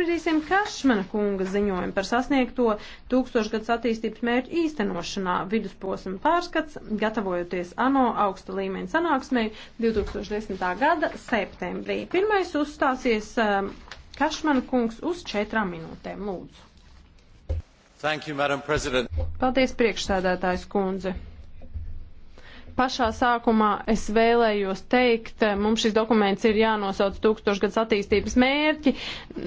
Apspriedīsim Kašmana kunga ziņojumu par sasniegto tūkstošgads attīstības mērķu īstenošanā vidusposma pārskats, gatavojoties ANO augsta līmeņa sanāksmē 2010. gada septembrī. Pirmais uzstāsies um, Kašmana kungs uz četrām minūtēm. Lūdzu. Thank you, Madam President. Paldies, priekšsēdētājs kundze pašā sākumā es vēlējos teikt, eh, mums šis dokuments ir jānosauc tūkstošgads attīstības mērķi.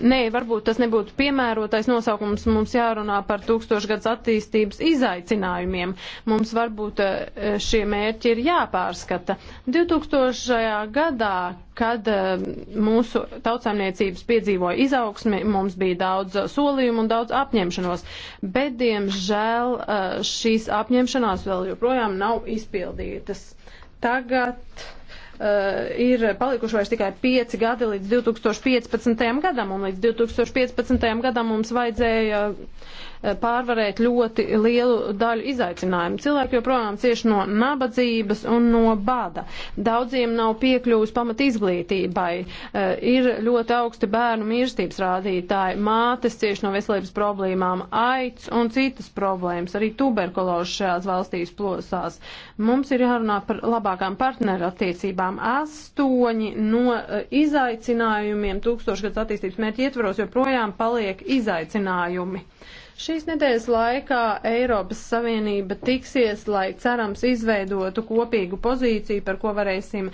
Nē, varbūt tas nebūtu piemērotais nosaukums, mums jārunā par tūkstošgads attīstības izaicinājumiem. Mums varbūt eh, šie mērķi ir jāpārskata. 2000. gadā, kad eh, mūsu tautsēmniecības piedzīvoja izaugsmi, mums bija daudz solījumu un daudz apņemšanos, bet, diemžēl, šīs apņemšanās vēl joprojām nav izpildītas lietas. Tagad uh, ir palikuši vairs tikai 5 gadi līdz 2015. gadam, un līdz 2015. gadam mums vajadzēja pārvarēt ļoti lielu daļu izaicinājumu. Cilvēki joprojām cieš no nabadzības un no bada. Daudziem nav piekļuvis pamat izglītībai. Eh, ir ļoti augsti bērnu mirstības rādītāji. Mātes cieš no veselības problēmām, aids un citas problēmas. Arī tuberkuloze šajās valstīs plosās. Mums ir jārunā par labākām partnerattiecībām. Astoņi no eh, izaicinājumiem tūkstošgads attīstības mērķi ietvaros joprojām paliek izaicinājumi. Uh, Šīs nedēļas laikā Eiropas Savienība tiksies, lai cerams izveidotu kopīgu pozīciju, par ko varēsim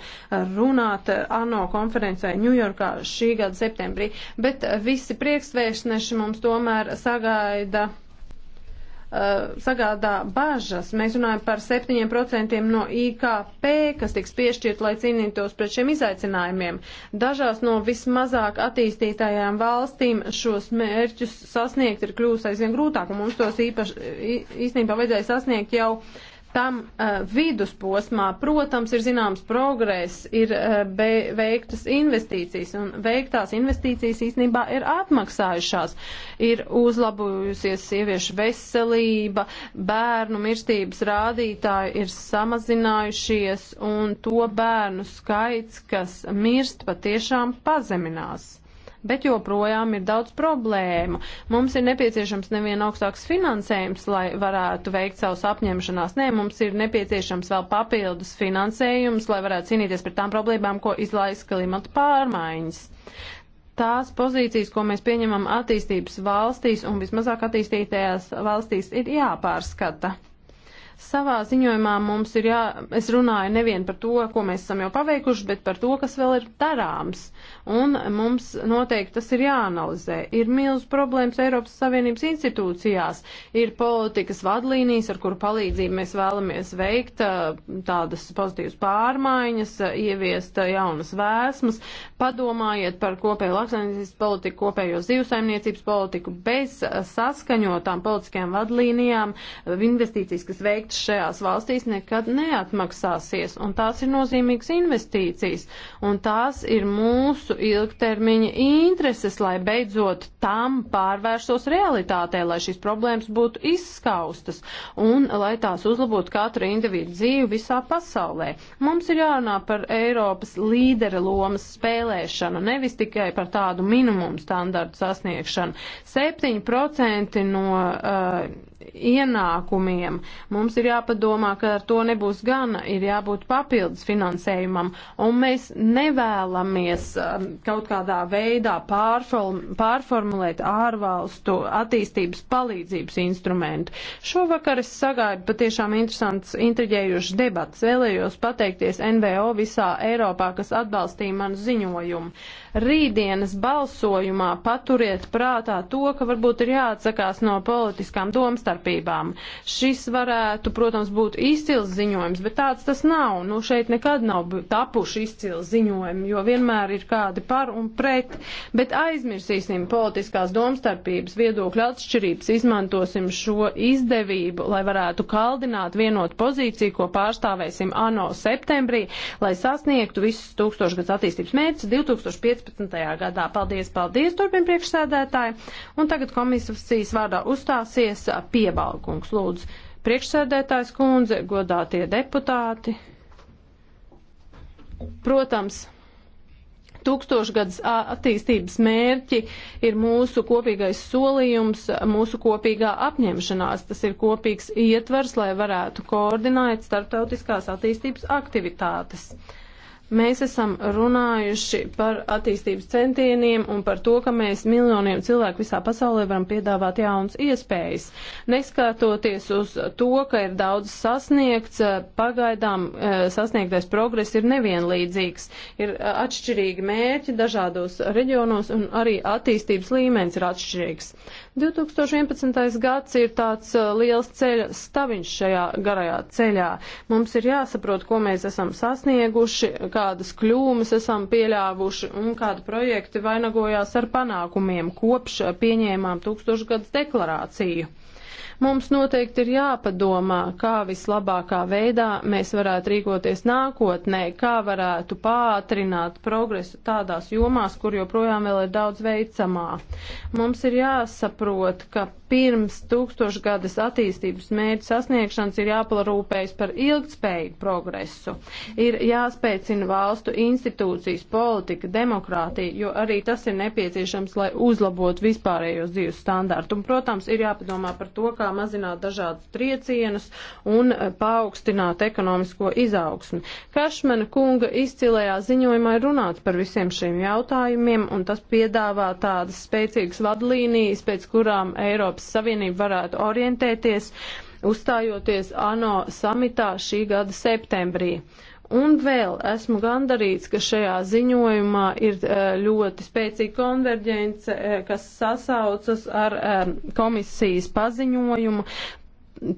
runāt ANO konferencē Ņujorkā šī gada septembrī. Bet visi priekšsvēršneši mums tomēr sagaida Uh, sagādā bažas. Mēs runājam par 7% no IKP, kas tiks piešķirt, lai cīnītos pret šiem izaicinājumiem. Dažās no vismazāk attīstītajām valstīm šos mērķus sasniegt ir kļūst aizvien grūtāk, un mums tos īpaši, īstenībā vajadzēja sasniegt jau uh, tam uh, vidusposmā, protams, ir zināms progress, ir uh, be, veiktas investīcijas, un veiktās investīcijas īstenībā ir atmaksājušās. Ir uzlabojusies sieviešu veselība, bērnu mirstības rādītāji ir samazinājušies, un to bērnu skaits, kas mirst, patiešām pazeminās bet joprojām ir daudz problēmu. Mums ir nepieciešams nevien augstāks finansējums, lai varētu veikt savus apņemšanās. Nē, mums ir nepieciešams vēl papildus finansējums, lai varētu cīnīties par tām problēmām, ko izlaisa klimata pārmaiņas tās pozīcijas, ko mēs pieņemam attīstības valstīs un vismazāk attīstītajās valstīs, ir jāpārskata. Savā ziņojumā mums ir jā, es runāju nevien par to, ko mēs esam jau paveikuši, bet par to, kas vēl ir darāms. Un mums noteikti tas ir jāanalizē. Ir milz problēmas Eiropas Savienības institūcijās, ir politikas vadlīnijas, ar kuru palīdzību mēs vēlamies veikt tādas pozitīvas pārmaiņas, ieviest jaunas vēsmas, padomājiet par kopēju lauksaimniecības politiku, kopējo zivsaimniecības politiku bez saskaņotām politiskajām vadlīnijām, investīcijas, kas veikta projekts šajās valstīs nekad neatmaksāsies, un tās ir nozīmīgas investīcijas, un tās ir mūsu ilgtermiņa intereses, lai beidzot tam pārvērsos realitātē, lai šīs problēmas būtu izskaustas, un lai tās uzlabotu katru individu dzīvi visā pasaulē. Mums ir jārunā par Eiropas līdera lomas spēlēšanu, nevis tikai par tādu minimumu standartu sasniegšanu. 7% no uh, ienākumiem. Mums ir jāpadomā, ka ar to nebūs gana, ir jābūt papildus finansējumam, un mēs nevēlamies um, kaut kādā veidā pārform, pārformulēt ārvalstu attīstības palīdzības instrumentu. Šovakar es sagaidu patiešām interesants, intriģējušas debats. Vēlējos pateikties NVO visā Eiropā, kas atbalstīja manu ziņojumu rītdienas balsojumā paturiet prātā to, ka varbūt ir jāatsakās no politiskām domstarpībām. Šis varētu, protams, būt izcils ziņojums, bet tāds tas nav. Nu, šeit nekad nav tapuši izcils ziņojumi, jo vienmēr ir kādi par un pret, bet aizmirsīsim politiskās domstarpības viedokļu atšķirības, izmantosim šo izdevību, lai varētu kaldināt vienot pozīciju, ko pārstāvēsim ANO septembrī, lai sasniegtu visus tūkstošgads attīstības mērķus 2005. 2015. gadā. Paldies, paldies, turpin priekšsēdētāji. Un tagad komisijas vārdā uzstāsies piebalkungs. Lūdzu, priekšsēdētājs kundze, godātie deputāti. Protams, Tūkstošgadus attīstības mērķi ir mūsu kopīgais solījums, mūsu kopīgā apņemšanās. Tas ir kopīgs ietvers, lai varētu koordinēt starptautiskās attīstības aktivitātes. Mēs esam runājuši par attīstības centieniem un par to, ka mēs miljoniem cilvēku visā pasaulē varam piedāvāt jaunas iespējas. Neskatoties uz to, ka ir daudz sasniegts, eh, pagaidām eh, sasniegtais progress ir nevienlīdzīgs. Ir eh, atšķirīgi mērķi dažādos reģionos un arī attīstības līmenis ir atšķirīgs. 2011. gads ir tāds uh, liels ceļa staviņš šajā garajā ceļā. Mums ir jāsaprot, ko mēs esam sasnieguši, kādas kļūmes esam pieļāvuši un kādi projekti vainagojās ar panākumiem kopš uh, pieņēmām tūkstošgads deklarāciju. Mums noteikti ir jāpadomā, kā vislabākā veidā mēs varētu rīkoties nākotnē, kā varētu pātrināt progresu tādās jomās, kur joprojām vēl ir daudz veicamā. Mums ir jāsaprot, ka pirms tūkstošgadas attīstības mērķu sasniegšanas ir jāpalarūpējas par ilgtspēju progresu. Ir jāspēcina valstu institūcijas, politika, demokrātija, jo arī tas ir nepieciešams, lai uzlabotu vispārējos dzīves standārtu. Un, protams, ir jāpadomā par to, kā kā mazināt dažādus triecienus un e, paaugstināt ekonomisko izaugsmi. Kašmena kunga izcilējā ziņojumā ir runāts par visiem šiem jautājumiem, un tas piedāvā tādas spēcīgas vadlīnijas, pēc kurām Eiropas Savienība varētu orientēties, uzstājoties ANO samitā šī gada septembrī. Un vēl esmu gandarīts, ka šajā ziņojumā ir eh, ļoti spēcīga konverģence, eh, kas sasaucas ar eh, komisijas paziņojumu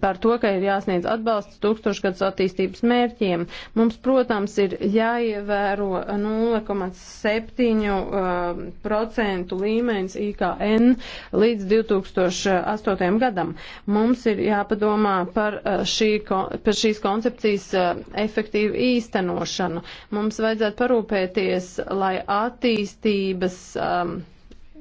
par to, ka ir jāsniedz atbalsts tūkstošgadus attīstības mērķiem. Mums, protams, ir jāievēro 0,7% uh, līmenis IKN līdz 2008. gadam. Mums ir jāpadomā par, uh, šī, par šīs koncepcijas uh, efektīvu īstenošanu. Mums vajadzētu parūpēties, lai attīstības um,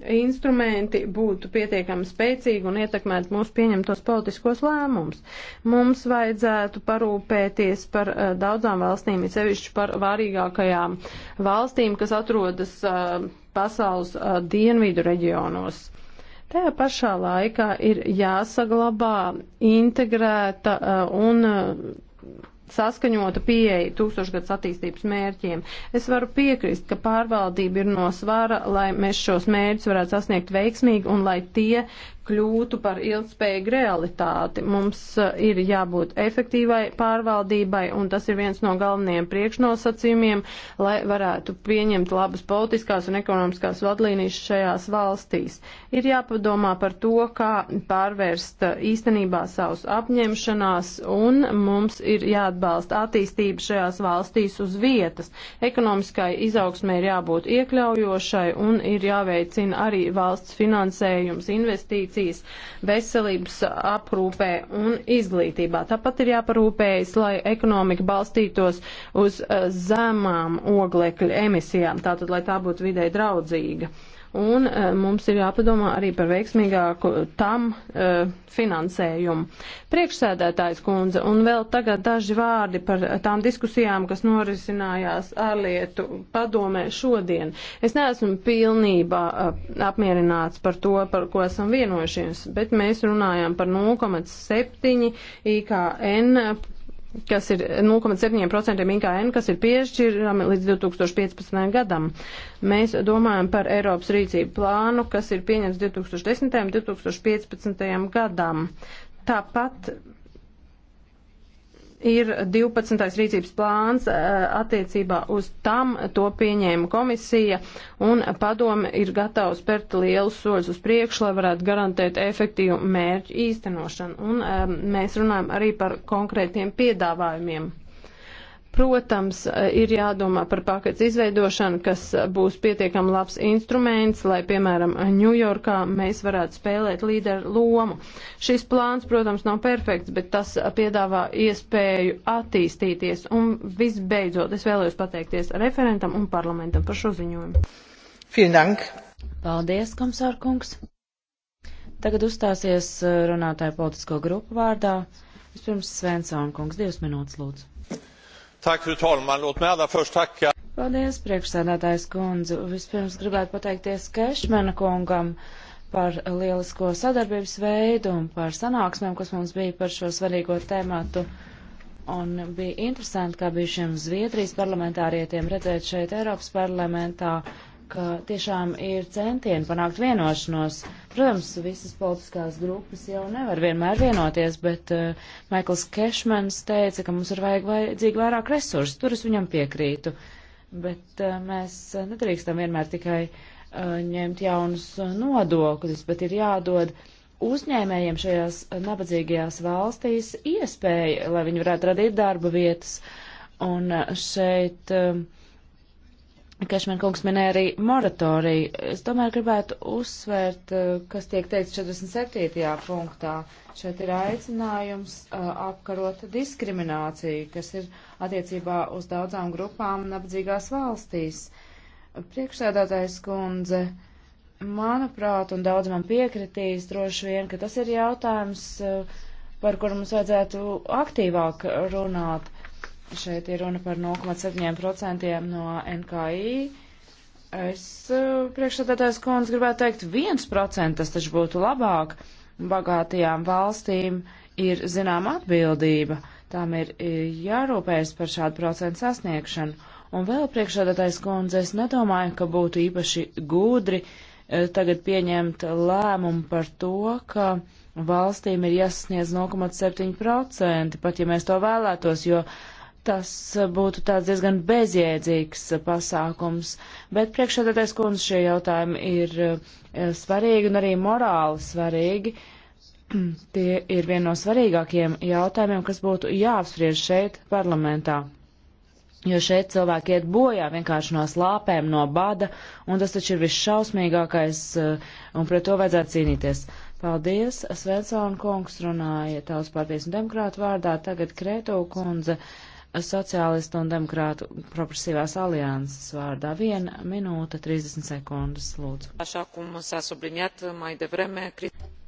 instrumenti būtu pietiekami spēcīgi un ietekmētu mūsu pieņemtos politiskos lēmumus. Mums vajadzētu parūpēties par uh, daudzām valstīm, it sevišķi par vārīgākajām valstīm, kas atrodas uh, pasaules uh, dienvidu reģionos. Tajā pašā laikā ir jāsaglabā integrēta uh, un uh, saskaņota pieeja tūkstošgads attīstības mērķiem. Es varu piekrist, ka pārvaldība ir no svara, lai mēs šos mērķus varētu sasniegt veiksmīgi un lai tie, kļūtu par ilgspējīgu realitāti. Mums eh, ir jābūt efektīvai pārvaldībai, un tas ir viens no galvenajiem priekšnosacījumiem, lai varētu pieņemt labas politiskās un ekonomiskās vadlīnijas šajās valstīs. Ir jāpadomā par to, kā pārvērst eh, īstenībā savus apņemšanās, un mums ir jāatbalsta attīstība šajās valstīs uz vietas. Ekonomiskai izaugsmē ir jābūt iekļaujošai, un ir jāveicina arī valsts finansējums, investīcijas, investīcijas veselības aprūpē un izglītībā. Tāpat ir jāparūpējas, lai ekonomika balstītos uz eh, zemām oglekļa emisijām, tātad, lai tā būtu vidē draudzīga un eh, mums ir jāpadomā arī par veiksmīgāku tam eh, finansējumu. Priekšsēdētājs kundze, un vēl tagad daži vārdi par tām diskusijām, kas norisinājās ārlietu padomē šodien. Es neesmu pilnībā eh, apmierināts par to, par ko esam vienojušies, bet mēs runājam par 0,7 IKN kas ir 0,7% IKN, kas ir piešķirami līdz 2015. gadam. Mēs domājam par Eiropas rīcību plānu, kas ir pieņemts 2010. un 2015. gadam. Tāpat ir 12. rīcības plāns eh, attiecībā uz tam, to pieņēma komisija, un padome ir gatava spērt lielus soļus uz priekšu, lai varētu garantēt efektīvu mērķu īstenošanu. Un eh, mēs runājam arī par konkrētiem piedāvājumiem. Protams, eh, ir jādomā par paketes izveidošanu, kas eh, būs pietiekami labs instruments, lai, piemēram, Ņujorkā mēs varētu spēlēt līderu lomu. Šis plāns, protams, nav perfekts, bet tas eh, piedāvā iespēju attīstīties. Un visbeidzot, es vēlējos pateikties referentam un parlamentam par šo ziņojumu. Dank. Paldies, komisārkungs. Tagad uzstāsies runātāja politisko grupu vārdā. Vispirms Svensona kungs, divas minūtes lūdzu. Fru talman! Lūdzu, mēdā först tacka. Paldies, priekšsēdētājs kundze. Vispirms gribētu pateikties Kešmena kungam par lielisko sadarbības veidu un par sanāksmēm, kas mums bija par šo svarīgo tēmatu. Un bija interesanti, kā bijušiem Zviedrijas parlamentārietiem redzēt šeit Eiropas parlamentā ka tiešām ir centieni panākt vienošanos. Protams, visas politiskās grupas jau nevar vienmēr vienoties, bet uh, eh, Maikls Kešmans teica, ka mums ir vajag vajadzīgi vairāk resursu, tur es viņam piekrītu. Bet uh, mēs nedrīkstam vienmēr tikai uh, ņemt jaunus nodokļus, bet ir jādod uzņēmējiem šajās nabadzīgajās valstīs iespēja, lai viņi varētu radīt darba vietas. Un šeit uh, Kašmēr kungs minēja arī moratoriju. Es tomēr gribētu uzsvērt, eh, kas tiek teikts 47. punktā. Šeit ir aicinājums eh, apkarot diskrimināciju, kas ir attiecībā uz daudzām grupām nabadzīgās valstīs. Priekšsēdētājs kundze, manuprāt, un daudz man piekritīs droši vien, ka tas ir jautājums, eh, par kuru mums vajadzētu aktīvāk runāt Šeit ir runa par 0,7% no NKI. Es e, priekšsādātājs kundz gribētu teikt 1%, tas taču būtu labāk. Bagātajām valstīm ir zināma atbildība, tām ir e, jārūpējas par šādu procentu sasniegšanu. Un vēl priekšsādātājs kundze, es nedomāju, ka būtu īpaši gudri e, tagad pieņemt lēmumu par to, ka valstīm ir jāsasniedz 0,7%, pat ja mēs to vēlētos, jo uh, tas būtu tāds diezgan bezjēdzīgs pasākums, bet priekšsēdētais kundze šie jautājumi ir eh, svarīgi un arī morāli svarīgi. Tie ir viena no svarīgākiem jautājumiem, kas būtu jāapspriež šeit parlamentā. Jo šeit cilvēki iet bojā vienkārši no slāpēm, no bada, un tas taču ir visšausmīgākais, eh, un pret to vajadzētu cīnīties. Paldies, Svensona kungs runāja tautas partijas un demokrātu vārdā, tagad Krēto kundze sociālistu un demokrātu progresīvās alianses vārdā. Viena minūte, 30 sekundes, lūdzu.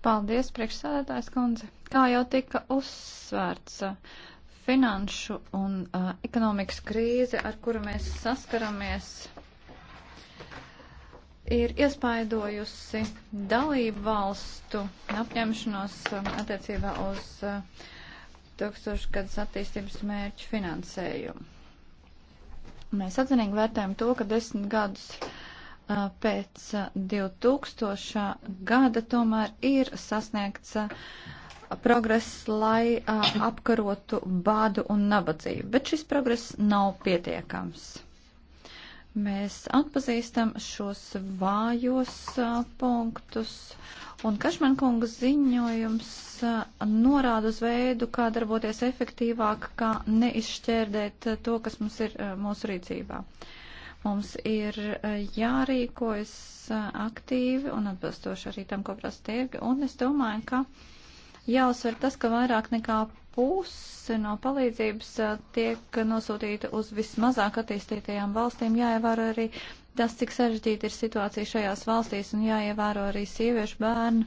Paldies, priekšsēdētājs kundze. Kā jau tika uzsvērts, finanšu un uh, ekonomikas krīze, ar kuru mēs saskaramies, ir iespaidojusi dalību valstu apņemšanos attiecībā uz uh, tūkstošgadus attīstības mērķu finansējumu. Mēs atzinīgi vērtējam to, ka desmit gadus pēc 2000. gada tomēr ir sasniegts progress, lai apkarotu bādu un nabadzību, bet šis progress nav pietiekams. Mēs atpazīstam šos vājos punktus Un Kašmenkunga ziņojums norāda uz veidu, kā darboties efektīvāk, kā neizšķērdēt to, kas mums ir mūsu rīcībā. Mums ir jārīkojas aktīvi un atbilstoši arī tam, ko prasa tirgi. Un es domāju, ka jāuzsver tas, ka vairāk nekā puse no palīdzības tiek nosūtīta uz vismazāk attīstītajām valstīm, jāievēro arī tas, cik sarežģīta ir situācija šajās valstīs un jāievēro arī sieviešu bērnu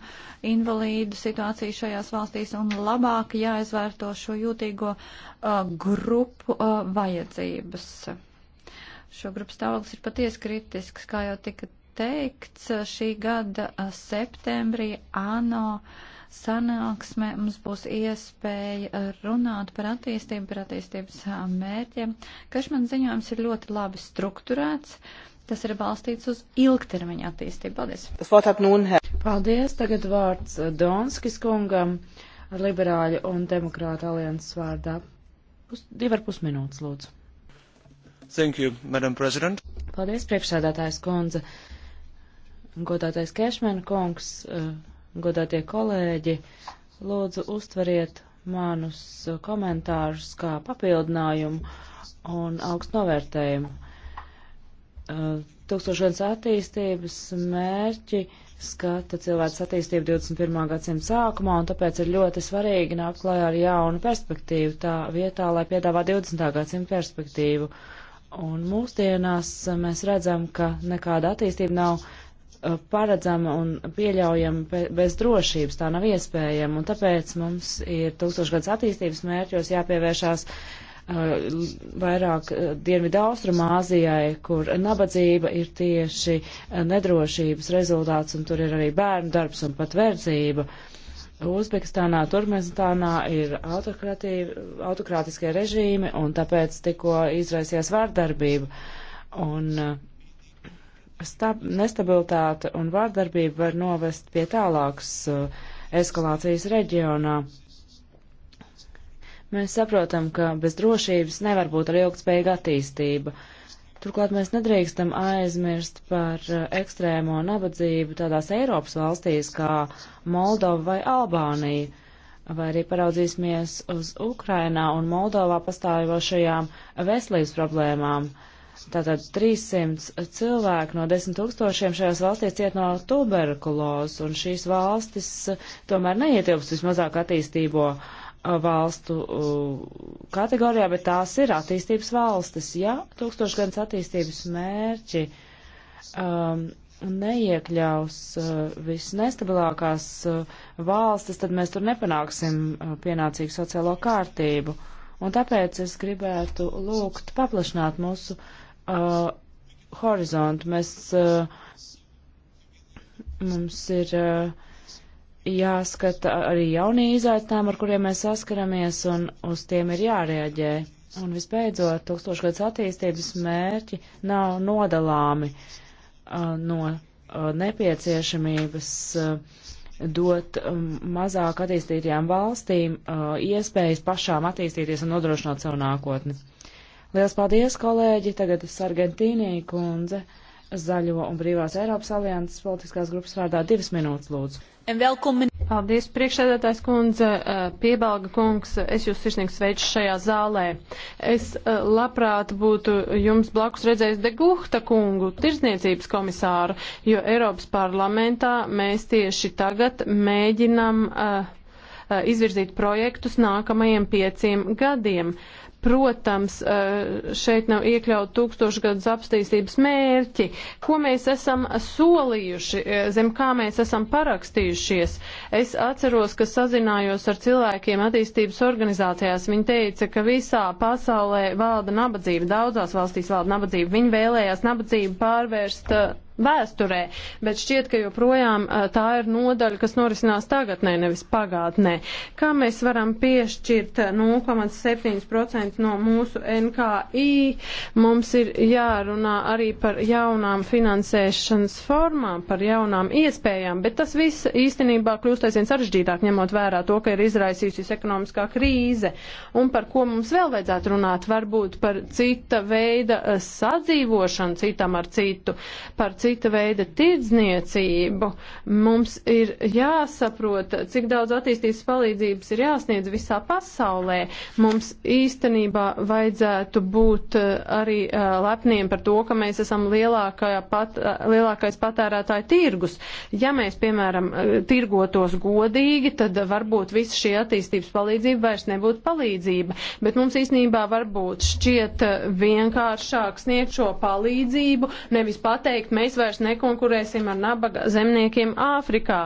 invalīdu situācija šajās valstīs un labāk jāizvērto šo jūtīgo uh, grupu uh, vajadzības. Šo grupu stāvoklis ir patiesi kritisks, kā jau tika teikts, šī gada uh, septembrī ANO sanāksmē mums būs iespēja uh, runāt par attīstību, par attīstības uh, mērķiem. Kašman ziņojums ir ļoti labi strukturēts. Uh, Tas ir balstīts uz ilgtermiņa attīstību. Paldies! Paldies! Tagad vārds uh, Donskis kungam, liberāļu un demokrāta alianses vārdā. Pus, divi ar pus minūtes, lūdzu. Thank you, Madam President. Paldies, priekšsēdētājs kundze. Godātais Kešmena kungs, uh, godātie kolēģi, lūdzu uztveriet manus uh, komentārus kā papildinājumu un augstu novērtējumu. Tūkstošgadus attīstības mērķi skata cilvēks attīstību 21. gadsimta sākumā, un tāpēc ir ļoti svarīgi nākt klajā ar jaunu perspektīvu tā vietā, lai piedāvā 20. gadsimta perspektīvu. Un mūsdienās mēs redzam, ka nekāda attīstība nav uh, paredzama un pieļaujama bez drošības, tā nav iespējama, un tāpēc mums ir tūkstošgadus attīstības mērķos jāpievēršās uh, Uh, vairāk uh, Dienvidu Austrumāzijai, kur nabadzība ir tieši uh, nedrošības rezultāts, un tur ir arī bērnu darbs un pat verdzība. Uzbekistānā, Turkmenistānā ir autokrātiskie režīmi, un tāpēc tikko izraisījās vārdarbība. Un stab, nestabilitāte un vārdarbība var novest pie tālākas eskalācijas reģionā. Mēs saprotam, ka bez drošības nevar būt arī ilgspējīga attīstība. Turklāt mēs nedrīkstam aizmirst par uh, ekstrēmo nabadzību tādās Eiropas valstīs kā Moldova vai Albānija, vai arī paraudzīsimies uz Ukrainā un Moldovā pastāvošajām veselības problēmām. Tātad 300 cilvēku no 10 tūkstošiem šajās valstīs ciet no tuberkulozes, un šīs valstis tomēr neietilpst vismazāk attīstībo uh, valstu uh, kategorijā, bet tās ir attīstības valstis. Ja tūkstošgadus attīstības mērķi um, neiekļaus uh, visnestabilākās uh, valstis, tad mēs tur nepanāksim uh, pienācīgu sociālo kārtību. Un tāpēc es gribētu lūgt paplašināt mūsu uh, horizontu. Mēs, uh, mums ir. Uh, jāskata arī jaunie izaicinājumi, ar kuriem mēs saskaramies, un uz tiem ir jārēģē. Un visbeidzot, tūkstošgads attīstības mērķi nav nodalāmi uh, no uh, nepieciešamības uh, dot um, mazāk attīstītajām valstīm uh, iespējas pašām attīstīties un nodrošināt savu nākotni. Lielas paldies, kolēģi! Tagad Sargentīnī kundze. Uh, Zaļo un Brīvās Eiropas alianses politiskās grupas vārdā divas minūtes lūdzu. Paldies, priekšsēdētājs kundze, eh, piebalga kungs, es jūs sirsnīgi sveicu šajā zālē. Es eh, labprāt būtu jums blakus redzējis de Guhta kungu, tirzniecības komisāru, jo Eiropas parlamentā mēs tieši tagad mēģinam uh, izvirzīt projektus nākamajiem pieciem gadiem. Uh, Protams, eh, šeit nav iekļaut tūkstošgadus apstīstības mērķi, ko mēs esam solījuši, eh, zem kā mēs esam parakstījušies. Es atceros, ka sazinājos ar cilvēkiem attīstības organizācijās. Viņi teica, ka visā pasaulē valda nabadzība, daudzās valstīs valda nabadzība. Viņi vēlējās nabadzību pārvērst eh, vēsturē, bet šķiet, ka joprojām tā ir nodaļa, kas norisinās tagadnē, nevis pagātnē. Kā mēs varam piešķirt 0,7% no mūsu NKI, mums ir jārunā arī par jaunām finansēšanas formām, par jaunām iespējām, bet tas viss īstenībā kļūst aizvien sarežģītāk, ņemot vērā to, ka ir izraisījusies ekonomiskā krīze. Un par ko mums vēl vajadzētu runāt? Varbūt par cita veida sadzīvošanu citam ar citu, par citu cita veida tirdzniecību. Mums ir jāsaprot, cik daudz attīstības palīdzības ir jāsniedz visā pasaulē. Mums īstenībā vajadzētu būt eh, arī eh, lepniem par to, ka mēs esam lielākā pat, eh, lielākais patērētāja tirgus. Ja mēs, piemēram, tirgotos godīgi, tad varbūt visa šī attīstības palīdzība vairs nebūtu palīdzība. Bet mums īstenībā varbūt šķiet vienkāršāk sniegt šo palīdzību, nevis pateikt, mēs mēs vairs nekonkurēsim ar nabaga zemniekiem Āfrikā.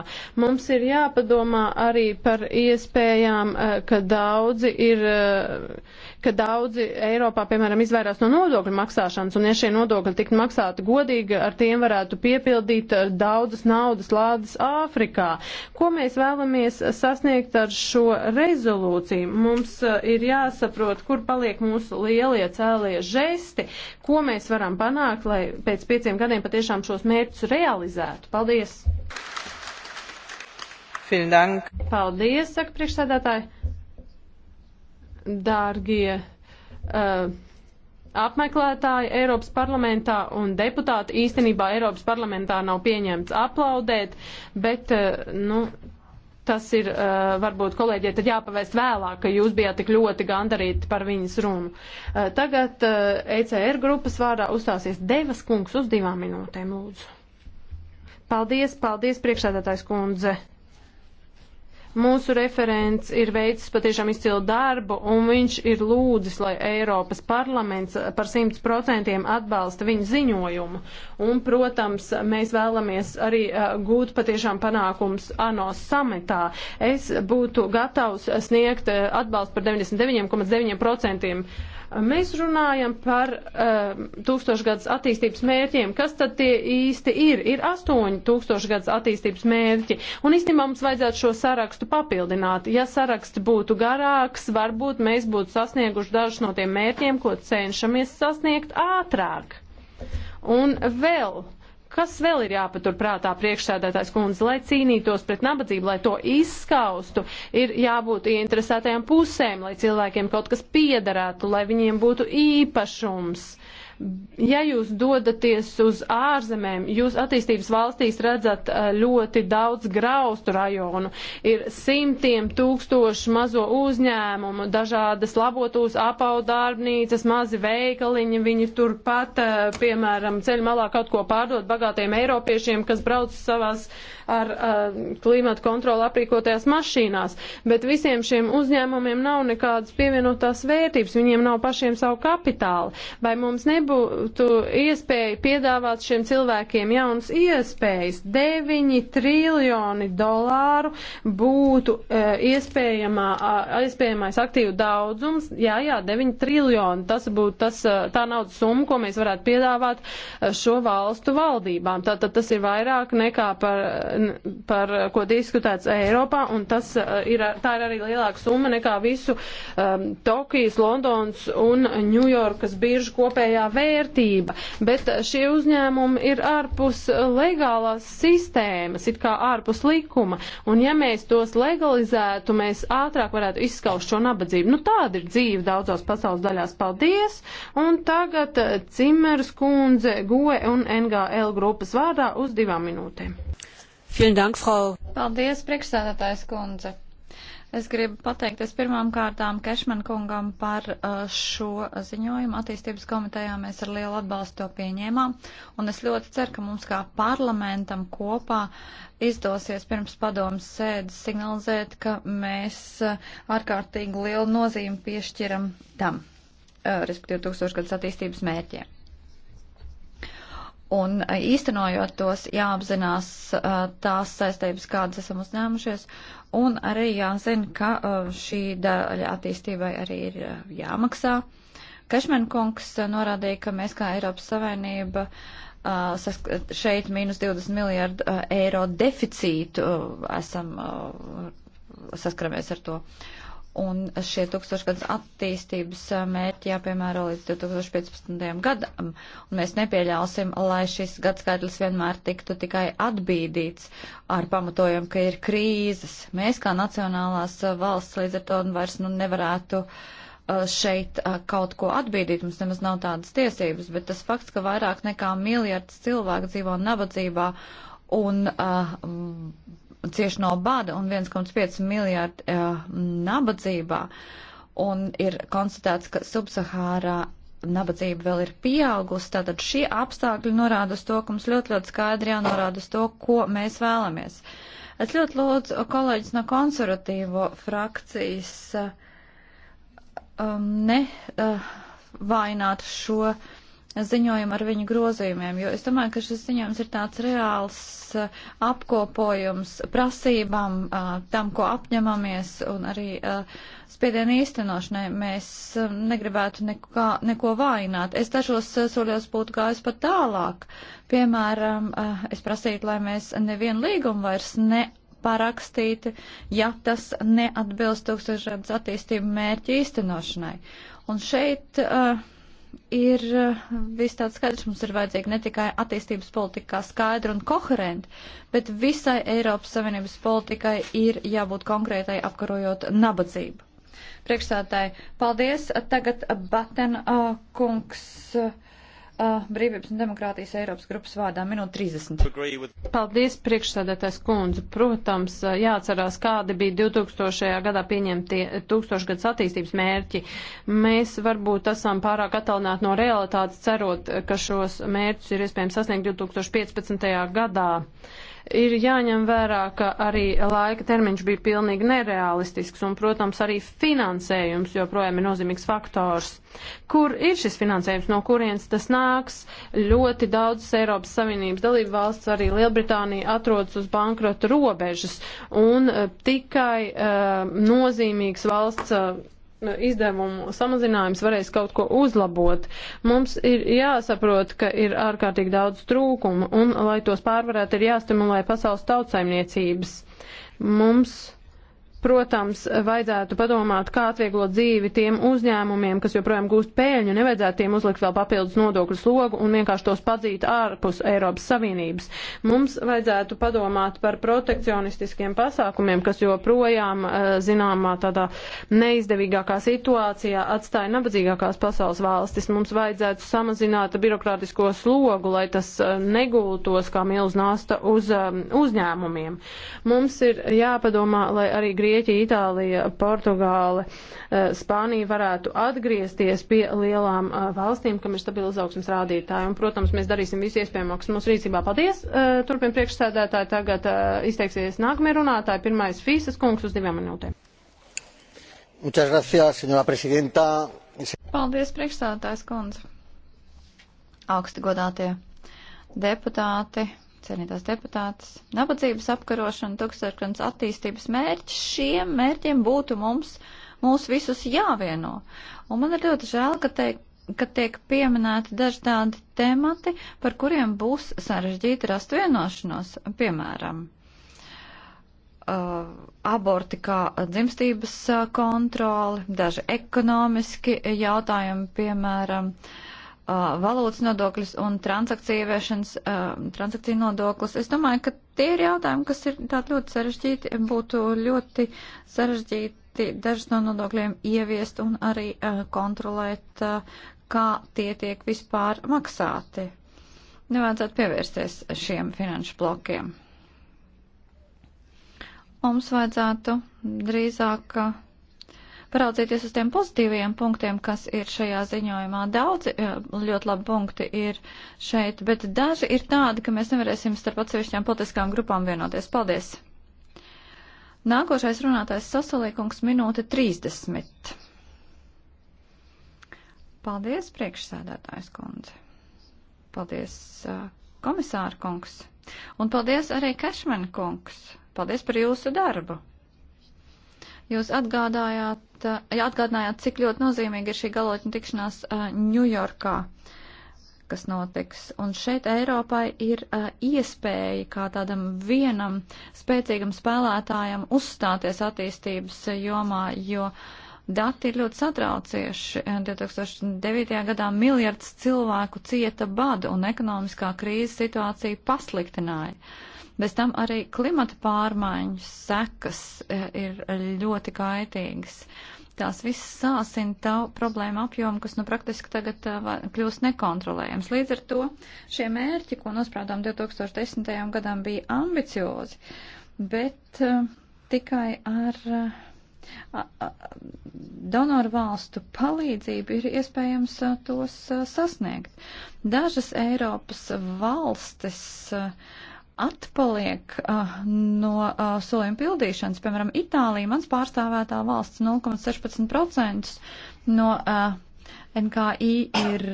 Mums ir jāpadomā arī par iespējām, eh, ka daudzi ir eh, ka daudzi Eiropā, piemēram, izvairās no nodokļu maksāšanas, un ja šie nodokļi tiktu maksāti godīgi, ar tiem varētu piepildīt eh, daudzas naudas lādes Āfrikā. Ko mēs vēlamies sasniegt ar šo rezolūciju? Mums eh, ir jāsaprot, kur paliek mūsu lielie cēlie žesti, ko mēs varam panākt, lai pēc pieciem gadiem patiešām šos mērķus realizētu. Paldies! Paldies, saka priekšsēdētāji dārgie uh, apmeklētāji Eiropas parlamentā un deputāti. Īstenībā Eiropas parlamentā nav pieņemts aplaudēt, bet, uh, nu, tas ir uh, varbūt kolēģiem tad jāpavēst vēlāk, ka jūs bijāt tik ļoti gandarīti par viņas runu. Uh, tagad uh, ECR grupas vārdā uzstāsies Devas kungs uz divām minūtēm, lūdzu. Paldies, paldies, priekšsēdētājs kundze. Mūsu referents ir veicis patiešām izcilu darbu, un viņš ir lūdzis, lai Eiropas parlaments par 100% atbalsta viņa ziņojumu. Un, protams, mēs vēlamies arī uh, gūt patiešām panākums ANO sametā. Es būtu gatavs sniegt uh, atbalstu par 99,9%. Mēs runājam par uh, eh, tūkstošgadus attīstības mērķiem. Kas tad tie īsti ir? Ir astoņi tūkstošgadus attīstības mērķi. Un īstenībā mums vajadzētu šo sarakstu papildināt. Ja saraksts būtu garāks, varbūt mēs būtu sasnieguši dažus no tiem mērķiem, ko cenšamies sasniegt ātrāk. Un vēl Kas vēl ir jāpaturprātā priekšsēdētājs kundze, lai cīnītos pret nabadzību, lai to izskaustu, ir jābūt interesētajām pusēm, lai cilvēkiem kaut kas piederētu, lai viņiem būtu īpašums. Ja jūs dodaties uz ārzemēm, jūs attīstības valstīs redzat eh, ļoti daudz graustu rajonu. Ir simtiem tūkstoši mazo uzņēmumu, dažādas labotos apaudārbnīcas, mazi veikaliņi. Viņi tur pat, eh, piemēram, ceļu malā kaut ko pārdot bagātiem eiropiešiem, kas brauc savās ar uh, klimatu kontroli aprīkotajās mašīnās. Bet visiem šiem uzņēmumiem nav nekādas pievienotās vērtības, viņiem nav pašiem savu kapitālu. Vai mums nebūs? nebūtu iespēja piedāvāt šiem cilvēkiem jaunas iespējas. 9 triljoni dolāru būtu uh, iespējamā, uh, iespējamais aktīvu daudzums. Jā, jā, 9 triljoni. Tas būtu tas, uh, tā naudas summa, ko mēs varētu piedāvāt uh, šo valstu valdībām. Tātad tas ir vairāk nekā par, par ko diskutēts Eiropā, un tas uh, ir, tā ir arī lielāka summa nekā visu um, Tokijas, Londonas un Ņujorkas biržu kopējā vērtība, bet šie uzņēmumi ir ārpus legālās sistēmas, it kā ārpus likuma, un ja mēs tos legalizētu, mēs ātrāk varētu izskaust šo nabadzību. Nu tāda ir dzīve daudzās pasaules daļās. Paldies! Un tagad eh, Cimeras kundze GOE un NGL grupas vārdā uz divām minūtēm. Vielen Dank, Frau. Paldies, priekšsēdētājs kundze. Es gribu pateikties pirmām kārtām Kešman kungam par uh, šo ziņojumu. Attīstības komitejā mēs ar lielu atbalstu to pieņēmām, un es ļoti ceru, ka mums kā parlamentam kopā izdosies pirms padomas sēdes signalizēt, ka mēs uh, ārkārtīgi lielu nozīmi piešķiram tam, uh, respektīvi tūkstošgadus attīstības mērķiem. Un īstenojot tos, jāapzinās tās saistības, kādas esam uzņēmušies, Un arī jāzina, ka uh, šī daļa attīstībai arī ir uh, jāmaksā. Kašmenkungs uh, norādīja, ka mēs kā Eiropas Savienība šeit mīnus 20 miljārdu eiro deficītu esam saskaramies ar to. Un šie tūkstošgadus attīstības mērķi jāpiemēro līdz 2015. gadam. Un mēs nepieļausim, lai šis gadskaitlis vienmēr tiktu tikai atbīdīts ar pamatojumu, ka ir krīzes. Mēs kā nacionālās valsts līdz ar to vairs nu, nevarētu šeit kaut ko atbīdīt. Mums nemaz nav tādas tiesības, bet tas fakts, ka vairāk nekā miljards cilvēku dzīvo nabadzībā un uh, cieši no bada un 1,5 miljārdi uh, nabadzībā. Un ir konstatēts, ka Subsahārā nabadzība vēl ir pieaugusi. Tātad šie apstākļi norāda uz to, ka mums ļoti, ļoti skaidri jānorāda uz to, ko mēs vēlamies. Es ļoti lūdzu kolēģis no konservatīvo frakcijas eh, um, ne uh, eh, vaināt šo uh, ziņojumu ar viņu grozījumiem, jo es domāju, ka šis ziņojums ir tāds reāls eh, apkopojums prasībām, eh, tam, ko apņemamies, un arī eh, spiedienu īstenošanai. Mēs negribētu nekā, neko vājināt. Es dažos soļos būtu gājis pat tālāk. Piemēram, es prasītu, lai mēs nevienu līgumu vairs ne parakstīti, ja tas neatbilst tūkstošgadus attīstību mērķu īstenošanai. Un šeit uh, ir eh, viss tāds skaidrs, mums ir vajadzīga ne tikai attīstības politika kā skaidra un koherenta, bet visai Eiropas Savienības politikai ir jābūt konkrētai apkarojot nabadzību. Priekšsētāji, paldies. Tagad Batena uh, eh, kungs. Uh, Uh, Brīvības un demokrātijas Eiropas grupas vārdā minūte 30. Paldies, priekšsēdētājs kundze. Protams, uh, jāatcerās, kādi bija 2000. gadā pieņemtie tūkstošgads attīstības mērķi. Mēs varbūt esam pārāk attālināti no realitātes, cerot, ka šos mērķus ir iespējams sasniegt 2015. gadā ir jāņem vērā, ka arī laika termiņš bija pilnīgi nereālistisks un, protams, arī finansējums joprojām ir nozīmīgs faktors. Kur ir šis finansējums, no kurienes tas nāks? Ļoti daudzas Eiropas Savienības dalību valsts, arī Lielbritānija, atrodas uz bankrota robežas un eh, tikai uh, nozīmīgs valsts. Uh, izdevumu samazinājums varēs kaut ko uzlabot. Mums ir jāsaprot, ka ir ārkārtīgi daudz trūkumu, un, lai tos pārvarētu, ir jāstimulē pasaules tautsaimniecības. Mums Protams, vajadzētu padomāt, kā atvieglot dzīvi tiem uzņēmumiem, kas joprojām gūst pēļņu, nevajadzētu tiem uzlikt vēl papildus nodokļu slogu un vienkārši tos padzīt ārpus Eiropas Savienības. Mums vajadzētu padomāt par protekcionistiskiem pasākumiem, kas joprojām, eh, zināmā, tādā neizdevīgākā situācijā atstāja nabadzīgākās pasaules valstis. Mums vajadzētu samazināt birokrātisko slogu, lai tas eh, negultos kā milz nasta uz eh, uzņēmumiem. Mums ir jāpadomā, lai arī grīdīgi Grieķija, Itālija, Portugāle, eh, Spānija varētu atgriezties pie lielām eh, valstīm, kam ir stabili izaugsmas rādītāji. Un, protams, mēs darīsim visu iespējamo, kas mūsu rīcībā. Paldies! Eh, Turpin priekšsēdētāji tagad izteiksies nākamie runātāji. Pirmais Fīsas kungs uz divām minūtēm. Muchas gracias, señora presidenta. Paldies, priekšsēdētājs kundze. Augsti godātie deputāti, cienītās deputātas, nabadzības apkarošana, tūkstoškans attīstības mērķi, šiem mērķiem būtu mums, mūs visus jāvieno. Un man ir ļoti žēl, ka, te, ka tiek pieminēti daži tādi temati, par kuriem būs sarežģīti rast vienošanos, piemēram, uh, aborti kā dzimstības uh, kontroli, daži ekonomiski jautājumi, piemēram, uh, uh, valūtas nodoklis un transakciju ieviešanas, uh, transakciju nodoklis. Es domāju, ka tie ir jautājumi, kas ir tādi ļoti sarežģīti, būtu ļoti sarežģīti dažas no nodokļiem ieviest un arī uh, kontrolēt, uh, kā tie tiek vispār maksāti. Nevajadzētu pievērsties šiem finanšu blokiem. Mums vajadzētu drīzāk. Uh, paraudzīties uz tiem pozitīvajiem punktiem, kas ir šajā ziņojumā. Daudzi eh, ļoti labi punkti ir šeit, bet daži ir tādi, ka mēs nevarēsim starp atsevišķām politiskām grupām vienoties. Paldies! Nākošais runātājs sasalīkums minūte 30. Paldies, priekšsēdētājs kundze. Paldies, eh, komisāra kungs. Un paldies arī Kešmena kungs. Paldies par jūsu darbu. Jūs atgādājāt runājāt, ja atgādinājāt, cik ļoti nozīmīgi ir šī galotņa tikšanās Ņujorkā, kas notiks. Un šeit Eiropai ir iespēja kā tādam vienam spēcīgam spēlētājam uzstāties attīstības jomā, jo dati ir ļoti satraucieši. 2009. gadā miljards cilvēku cieta badu un ekonomiskā krīzes situācija pasliktināja. Bez tam arī klimata pārmaiņu sekas e, ir ļoti kaitīgas. Tās viss sāsina tā problēma apjomu, kas nu praktiski tagad e, kļūst nekontrolējams. Līdz ar to šie mērķi, ko nosprādām 2010. gadam, bija ambiciozi, bet uh, tikai ar. Uh, donoru valstu palīdzību ir iespējams tos sasniegt. Dažas Eiropas valstis uh, atpaliek uh, no uh, ah, solījuma pildīšanas. Piemēram, Itālija, mans pārstāvētā valsts, 0,16% no uh, ah, NKI ir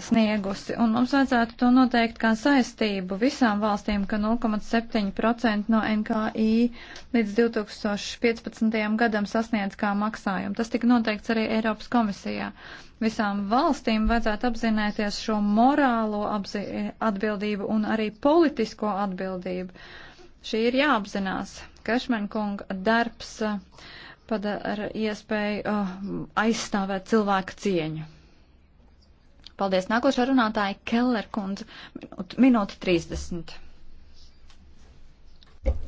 sniegusi, un mums vajadzētu to noteikt kā saistību visām valstīm, ka 0,7% no NKI līdz 2015. gadam sasniedz kā maksājumu. Tas tika noteikts arī Eiropas komisijā. Visām valstīm vajadzētu apzināties šo morālo apzi atbildību un arī politisko atbildību. Šī ir jāapzinās. Kašmenkunga darbs padara iespēju uh, aizstāvēt cilvēku cieņu. Paldies. Nākošā runātāja Keller kundze, minūte 30.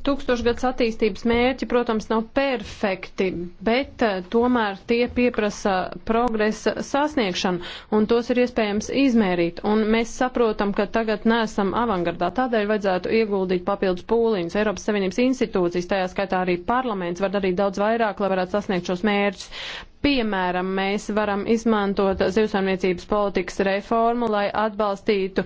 Tūkstošgads attīstības mērķi, protams, nav perfekti, bet eh, tomēr tie pieprasa progresa sasniegšanu, un tos ir iespējams izmērīt. Un mēs saprotam, ka tagad neesam avangardā, tādēļ vajadzētu ieguldīt papildus pūliņus. Eiropas Savienības institūcijas, tajā skaitā arī parlaments, var darīt daudz vairāk, lai varētu sasniegt šos mērķus. Piemēram, mēs varam izmantot zivsaimniecības politikas reformu, lai atbalstītu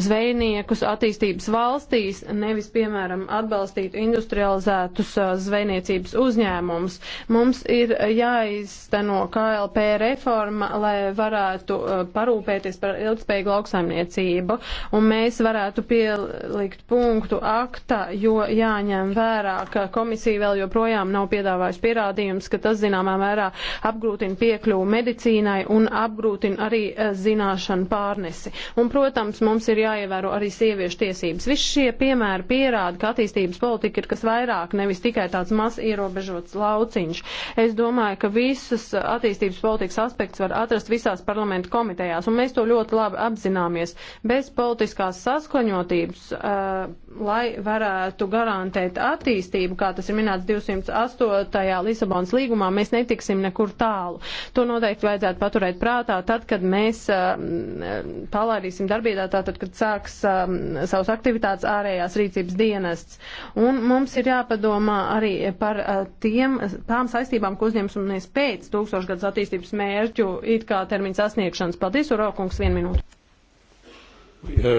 zvejniekus attīstības valstīs, nevis, piemēram, atbalstītu industrializētus zvejniecības uzņēmumus. Mums ir jāizteno KLP reforma, lai varētu parūpēties par ilgspējīgu lauksaimniecību, un mēs varētu pielikt punktu akta, jo jāņem vērā, ka komisija vēl joprojām nav piedāvājusi pierādījums, ka tas zināmā mērā apgrūtina piekļuvu medicīnai un apgrūtina arī eh, zināšanu pārnesi. Un, protams, mums ir jāievēro arī sieviešu tiesības. Visi šie piemēri pierāda, ka attīstības politika ir kas vairāk, nevis tikai tāds maz ierobežots lauciņš. Es domāju, ka visas attīstības politikas aspekts var atrast visās parlamentu komitejās, un mēs to ļoti labi apzināmies. Bez politiskās saskaņotības, uh, lai varētu garantēt attīstību, kā tas ir minēts 208. Lisabonas līgumā, mēs netiksim nekur par tālu. To noteikti vajadzētu paturēt prātā tad, kad mēs um, palaidīsim darbībā, tātad, kad sāks um, savus aktivitātes ārējās rīcības dienests. Un mums ir jāpadomā arī par uh, tiem, tām saistībām, ko uzņemsimies pēc tūkstošgadus attīstības mērķu, it kā termiņa sasniegšanas. Paldies, Urokungs, vienu minūti.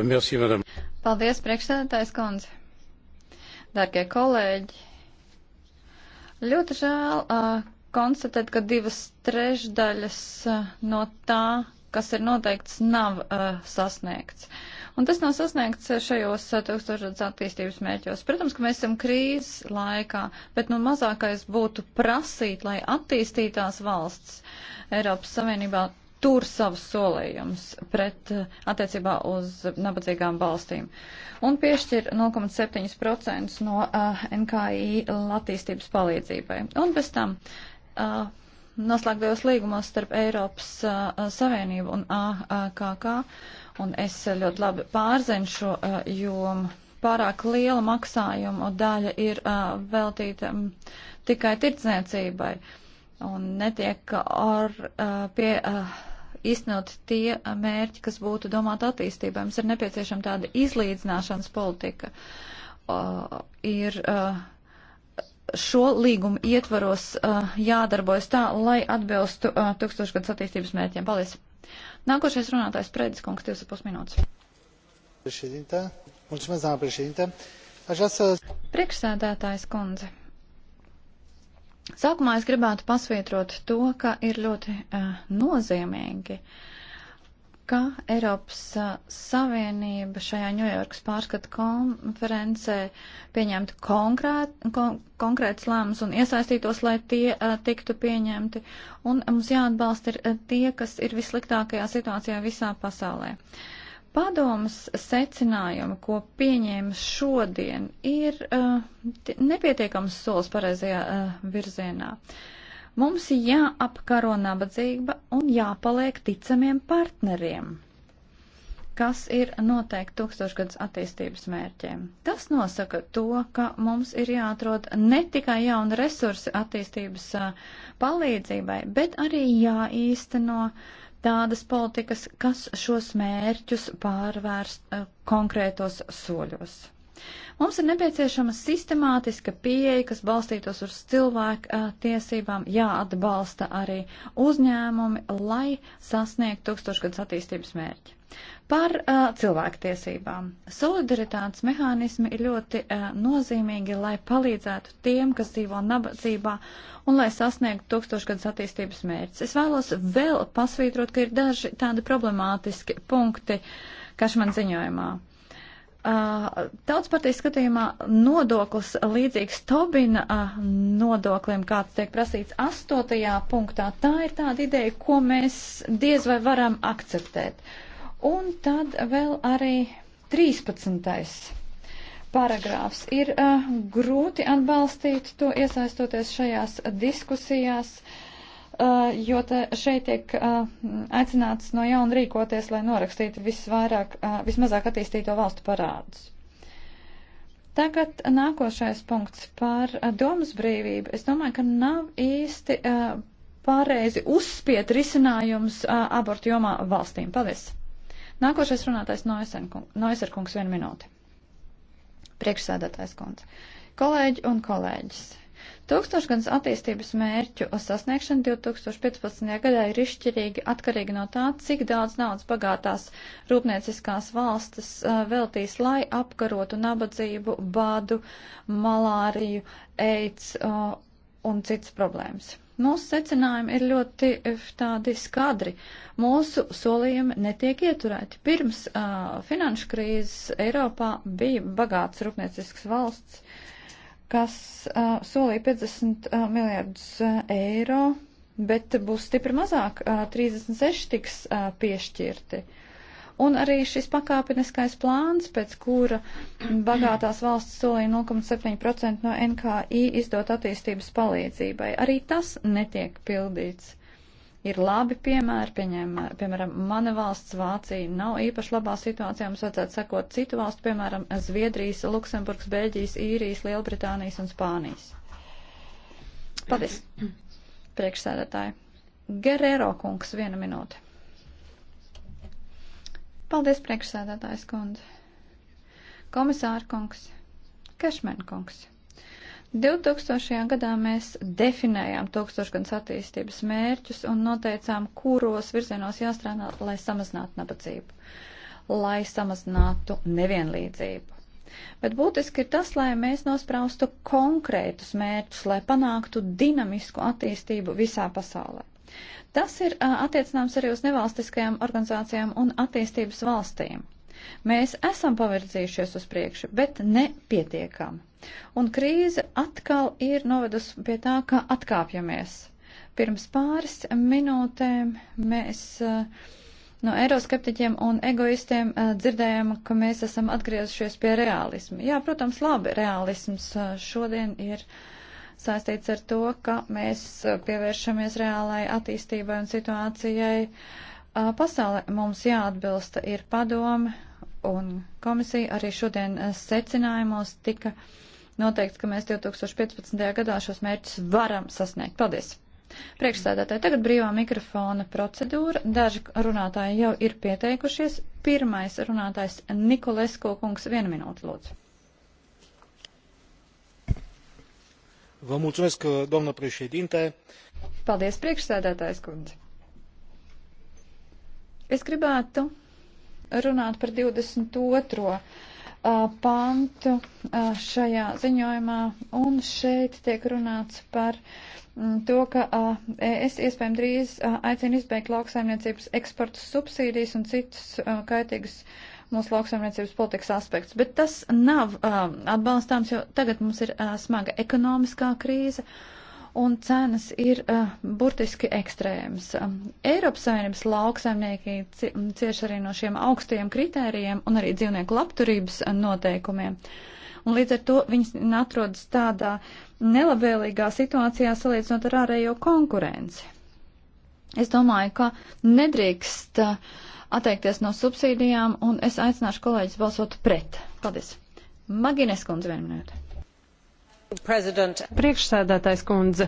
Merci, madame. Paldies, priekšsēdētājs Konze. Dargie kolēģi, ļoti žēl, uh, konstatēt, ka divas trešdaļas eh, no tā, kas ir noteikts, nav uh, sasniegts. Un tas nav sasniegts šajos uh, eh, tūkstošgadus attīstības mērķos. Protams, ka mēs esam krīzes laikā, bet nu mazākais būtu prasīt, lai attīstītās valsts Eiropas Savienībā tur savus solījumus pret attiecībā uz nabadzīgām valstīm un piešķir 0,7% no uh, NKI attīstības palīdzībai. Un bez tam uh, noslēgtajos līgumos starp Eiropas uh, Savienību un AKK, un es ļoti labi pārzinu šo uh, jomu. Pārāk liela maksājuma daļa ir uh, veltīta um, tikai tirdzniecībai un netiek ar, uh, pie. Uh, Iznot tie mērķi, kas būtu domāti attīstībai, mums ir nepieciešama tāda izlīdzināšanas politika. Uh, ir uh, šo līgumu ietvaros uh, jādarbojas tā, lai atbilstu uh, tūkstošgads attīstības mērķiem. Paldies! Nākošais runātājs Prēdis Kungs, 2,5 minūtes. Mulțumesc, doamna președinte. Aș vrea să... Priekšsēdētājs kundze. Sākumā es gribētu pasvietrot to, ka ir ļoti uh, nozīmīgi uh, ka Eiropas Savienība šajā Ņujorkas pārskata konferencē pieņemtu konkrēt, kon, konkrēts lēmums un iesaistītos, lai tie uh, tiktu pieņemti. Un mums jāatbalsta ir tie, kas ir vissliktākajā situācijā visā pasaulē. Padomas secinājumi, ko pieņēma šodien, ir uh, nepietiekams solis pareizajā uh, virzienā. Uh, Mums jāapkaro nabadzība un jāpaliek ticamiem partneriem, kas ir noteikti tūkstošgadus attīstības mērķiem. Tas nosaka to, ka mums ir jāatrod ne tikai jauni resursi attīstības palīdzībai, bet arī jāīsteno tādas politikas, kas šos mērķus pārvērst konkrētos soļos. Mums ir nepieciešama sistemātiska pieeja, kas balstītos uz cilvēku uh, tiesībām, jāatbalsta arī uzņēmumi, lai sasniegtu tūkstošgadus attīstības mērķi. Par uh, cilvēktiesībām. Solidaritātes mehānismi ir ļoti uh, nozīmīgi, lai palīdzētu tiem, kas dzīvo nabadzībā un lai sasniegtu tūkstošgadus attīstības mērķis. Es vēlos vēl pasvītrot, ka ir daži tādi problemātiski punkti Kašman ziņojumā. Uh, Tautas partijas skatījumā nodoklis līdzīgs Tobina nodoklim, kāds tiek prasīts astotajā punktā. Tā ir tāda ideja, ko mēs diez vai varam akceptēt. Un tad vēl arī 13. paragrāfs. Ir uh, grūti atbalstīt to iesaistoties šajās diskusijās. Uh, Uh, jo šeit tiek uh, aicināts no jauna rīkoties, lai norakstītu visvairāk, uh, vismazāk attīstīto valstu parādus. Tagad nākošais punkts par domas brīvību. Es domāju, ka nav īsti pareizi uzspiet risinājums abortu jomā valstīm. Paldies! Nākošais runātais Noiserkungs vienu minūti. Priekšsēdētājs kundze. Kolēģi un kolēģis Tūkstošgadus attīstības mērķu sasniegšana 2015. gadā ir izšķirīgi atkarīgi no tā, cik daudz naudas bagātās rūpnieciskās valstis uh, veltīs, lai apkarotu nabadzību, badu, malāriju, eids uh, un citas problēmas. Mūsu secinājumi ir ļoti eh, tādi skadri. Mūsu solījumi netiek ieturēti. Pirms uh, finanšu krīzes Eiropā bija bagāts rūpniecisks valsts. Uh, kas uh, solīja 50 uh, miljardus uh, eiro, bet būs stipri mazāk, uh, 36 tiks uh, piešķirti. Un arī šis pakāpeniskais plāns, pēc kura bagātās valsts solīja 0,7% no NKI izdot attīstības palīdzībai, arī tas netiek pildīts ir labi piemēri, pieņem, piemēram, mana valsts Vācija nav īpaši labā situācijā, mums vajadzētu sekot citu valstu, piemēram, Zviedrijas, Luksemburgas, Bēļģijas, Īrijas, Lielbritānijas un Spānijas. Paldies, priekšsēdētāji. Gerero kungs, viena minūte. Paldies, priekšsēdētājs kundze. Komisāra kungs, Kešmen kungs. 2000. gadā mēs definējām tūkstošgadus attīstības mērķus un noteicām, kuros virzienos jāstrādā, lai samazinātu nabadzību, lai samazinātu nevienlīdzību. Bet būtiski ir tas, lai mēs nospraustu konkrētus mērķus, lai panāktu dinamisku attīstību visā pasaulē. Tas ir attiecināms arī uz nevalstiskajām organizācijām un attīstības valstīm. Mēs esam pavirzījušies uz priekšu, bet nepietiekam. Un krīze atkal ir novedusi pie tā, ka atkāpjamies. Pirms pāris minūtēm mēs eh, no eiroskeptiķiem un egoistiem eh, dzirdējām, ka mēs esam atgriezušies pie realisma. Jā, protams, labi, realisms eh, šodien ir saistīts ar to, ka mēs pievēršamies reālai attīstībai un situācijai. Pasaulē mums jāatbilsta ir padomi, Un komisija arī šodien eh, secinājumos tika noteikts, ka mēs 2015. gadā šos mērķus varam sasniegt. Paldies! Priekšsēdētāji, tagad brīvā mikrofona procedūra. Daži runātāji jau ir pieteikušies. Pirmais runātājs Nikolesko kungs, viena minūte, lūdzu. Vă mulțumesc, doamnă președinte. Paldies, priekšsēdētājs kundze. Es gribētu runāt par 22. Uh, pantu uh, šajā ziņojumā, un šeit tiek runāts par mm, to, ka uh, es iespējami drīz aicinu izbeigt lauksaimniecības eksporta subsīdijas un citus kaitīgus mūsu lauksaimniecības politikas aspekts. Bet tas nav atbalstāms, jo tagad mums ir smaga ekonomiskā krīze. Uh, un cenas ir uh, burtiski ekstrēmas. Um, Eiropas Savienības lauksaimnieki cieši arī no šiem augstajiem kritērijiem un arī dzīvnieku labturības noteikumiem. Un līdz ar to viņas atrodas tādā nelabvēlīgā situācijā salīdzinot ar ārējo konkurenci. Es domāju, ka nedrīkst eh, atteikties no subsīdijām, un es aicināšu kolēģis balsot pret. Paldies. Magines kundze, vienu minūti. Priekšsēdētājs kundze.